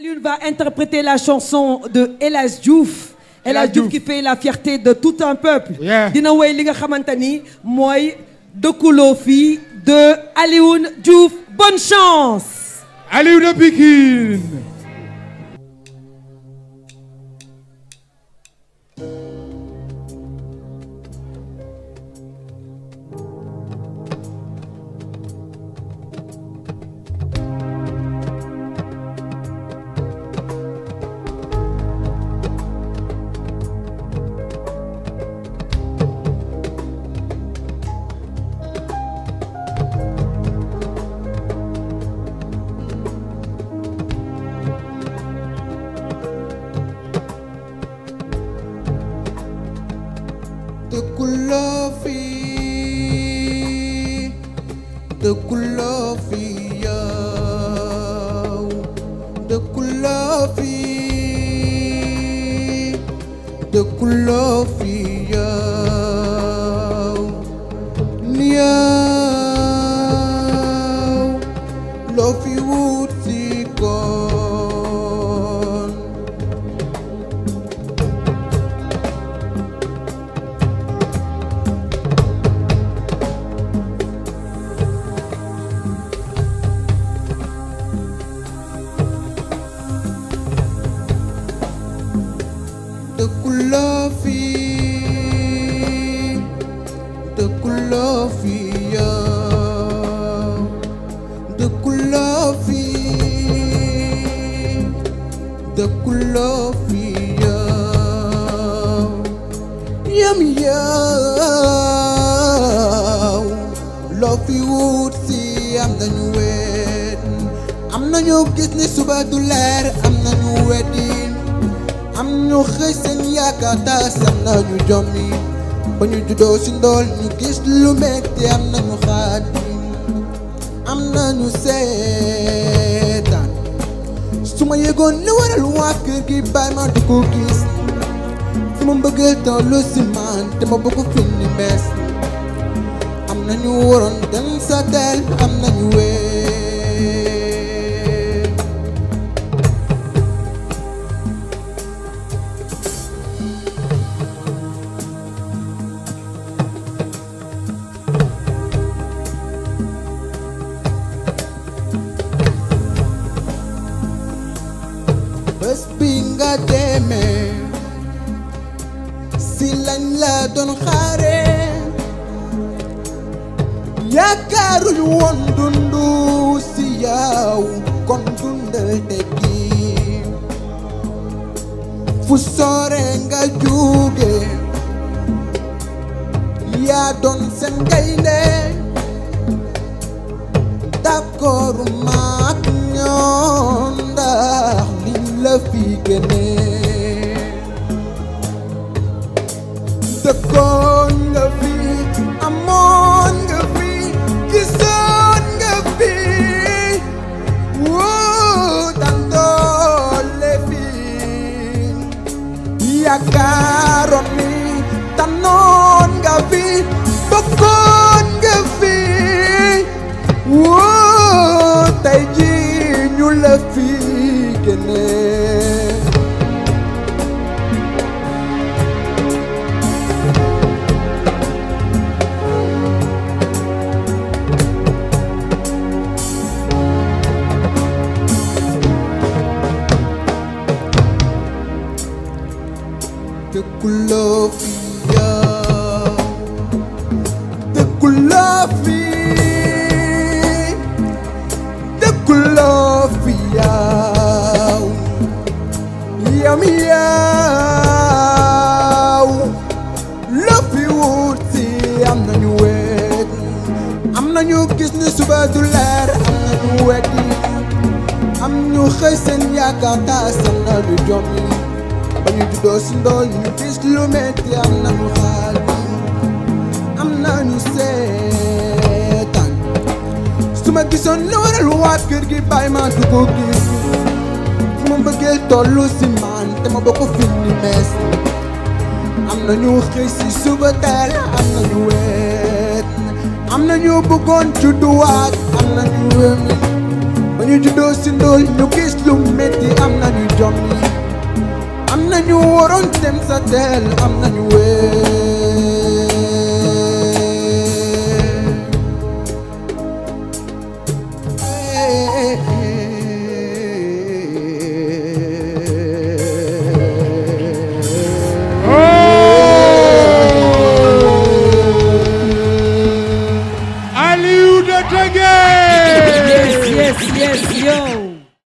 Alioune va interpréter la chanson de Elas Diouf. Elas Diouf qui fait la fierté de tout un peuple. Oh, dina Liga Khamantani, moi, de ni de Alioune Diouf bonne chance. Alioune Pikine. تكلافي تكلافي يا تكلافي تكلافي يا نيا لوفي ووتي dëkkuloo fi dëkkuloo fi yow dëkkuloo fi dëkkuloo fi yow yem loo fi wut si am nañu wet am nañu gis ni suba du leer am nañu weddi am ñu xëy seen yaakaar am na ñu jommi ba ñu juddoo si ndool ñu gis lu metti am na ñu xaati am na ñu seetaan su ma yëgoon li waral waa kër gi bàyyi ma di ko gis su ma bëggee taw lu si te ma bëgg fi ni mees am na ñu waroon dem sa am na ñu wee bés si lañ la doon xaare yaakaaruñ woon dundu si yaw kon dundal tekki fu soore nga juuge yaa doon seen gaynde la fi génne dëkkoon nga fi yaaw lépp yi wut si am nañu wet am nañu gis ni suba du leer am nañu wet yi am ñu xëy seen taas am na lu jom yi ba ñu juddoo si ndool ñu gis lu metti am nañu xaal bi am nañu seetaan su ma gisoon la waral waat kër gi bàyyi ma du ko mbëggeel tollu si man te ma bokk fi ni mees am na ñu si suba teel am na ñu weet am na ñu bëggoon judduwaat am na ñu wëm ba ñu juddoo si ndóol I'm the new